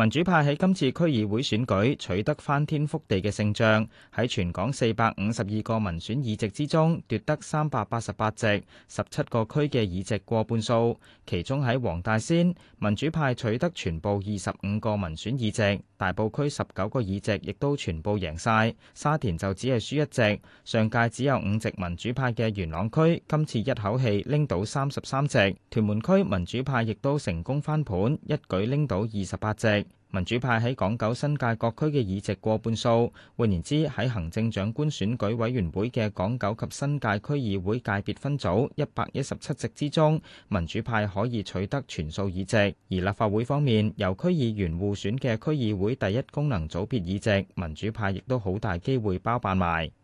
民主派喺今次區議會選舉取得翻天覆地嘅勝仗，喺全港四百五十二個民選議席之中奪得三百八十八席，十七個區嘅議席過半數，其中喺黃大仙，民主派取得全部二十五個民選議席。大埔區十九個議席亦都全部贏晒，沙田就只係輸一席。上屆只有五席民主派嘅元朗區，今次一口氣拎到三十三席。屯門區民主派亦都成功翻盤，一舉拎到二十八席。民主派喺港九新界各區嘅議席過半數，換言之喺行政長官選舉委員會嘅港九及新界區議會界別分組一百一十七席之中，民主派可以取得全數議席；而立法會方面，由區議員互選嘅區議會第一功能組別議席，民主派亦都好大機會包辦埋。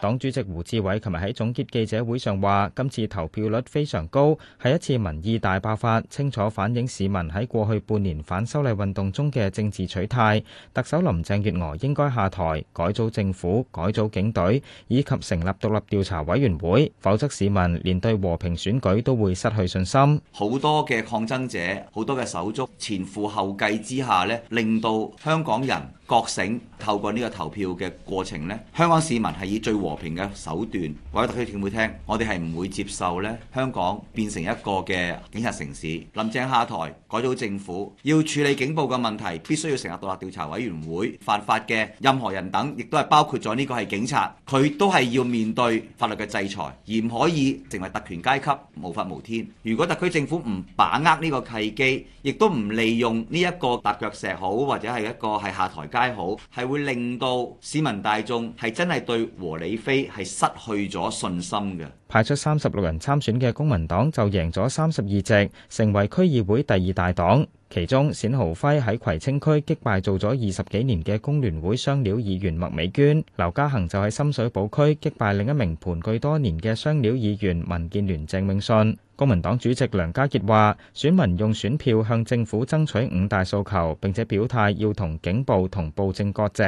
黨主席胡志偉琴日喺總結記者會上話：今次投票率非常高，係一次民意大爆發，清楚反映市民喺過去半年反修例運動中嘅政治取態。特首林鄭月娥應該下台，改組政府、改組警隊，以及成立獨立調查委員會，否則市民連對和平選舉都會失去信心。好多嘅抗爭者，好多嘅手足，前赴後繼之下咧，令到香港人覺醒。透過呢個投票嘅過程咧，香港市民係以最和和平嘅手段，或者特區政府聽，我哋係唔會接受咧。香港變成一個嘅警察城市，林鄭下台，改組政府，要處理警暴嘅問題，必須要成立獨立調查委員會，犯法嘅任何人等，亦都係包括咗呢個係警察，佢都係要面對法律嘅制裁，而唔可以成為特權階級無法無天。如果特區政府唔把握呢個契機，亦都唔利用呢一個踏腳石好，或者係一個係下台階好，係會令到市民大眾係真係對和理非係失去咗信心嘅。派出三十六人參選嘅公民黨就贏咗三十二席，成為區議會第二大黨，其中冼豪輝喺葵青區擊敗做咗二十幾年嘅工聯會雙料議員麥美娟，劉嘉恒就喺深水埗區擊敗另一名盤踞多年嘅雙料議員民建聯鄭永信。公民黨主席梁家傑話：選民用選票向政府爭取五大訴求，並且表態要同警暴同暴政割席。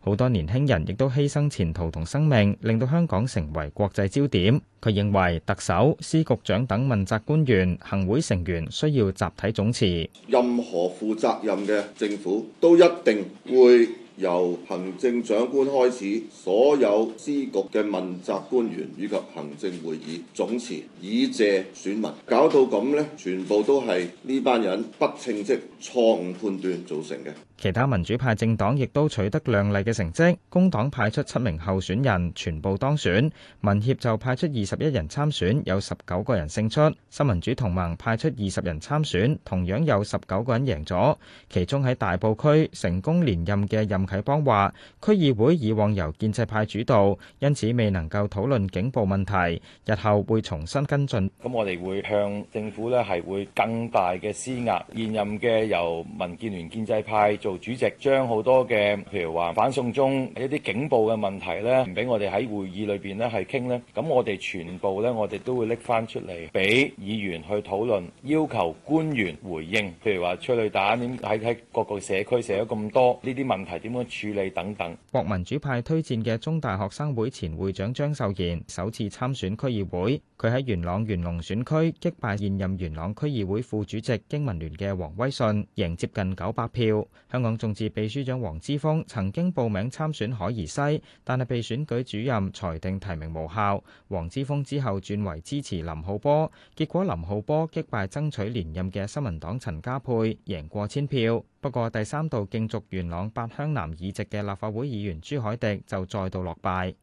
好多年輕人亦都犧牲前途同生命，令到香港成為國際焦點。佢認為特首、司局長等問責官員、行會成員需要集體總辭。任何負責任嘅政府都一定會。由行政長官開始，所有司局嘅問責官員以及行政會議總辭，以謝選民。搞到咁咧，全部都係呢班人不稱職、錯誤判斷造成嘅。其他民主派政黨亦都取得亮麗嘅成績，工黨派出七名候選人，全部當選；民協就派出二十一人參選，有十九個人勝出。新民主同盟派出二十人參選，同樣有十九個人贏咗。其中喺大埔區成功連任嘅任啟邦話：區議會以往由建制派主導，因此未能夠討論警暴問題，日後會重新跟進。咁我哋會向政府呢係會更大嘅施壓。現任嘅由民建聯建制派。做主席將好多嘅，譬如話反送中一啲警暴嘅問題咧，唔俾我哋喺會議裏邊咧係傾咧，咁我哋全部咧，我哋都會拎翻出嚟俾議員去討論，要求官員回應。譬如話催淚彈點喺喺各個社區寫咗咁多呢啲問題點樣處理等等。國民主派推薦嘅中大學生會前會長張秀賢首次參選區議會，佢喺元朗元龍選區擊敗現任元朗區議會副主席經民聯嘅黃威信，贏接近九百票。香港眾志秘書長黃之鋒曾經報名參選海怡西，但係被選舉主任裁定提名無效。黃之鋒之後轉為支持林浩波，結果林浩波擊敗爭取連任嘅新民黨陳家佩，贏過千票。不過第三度競逐元朗八鄉南議席嘅立法會議員朱凱迪就再度落敗。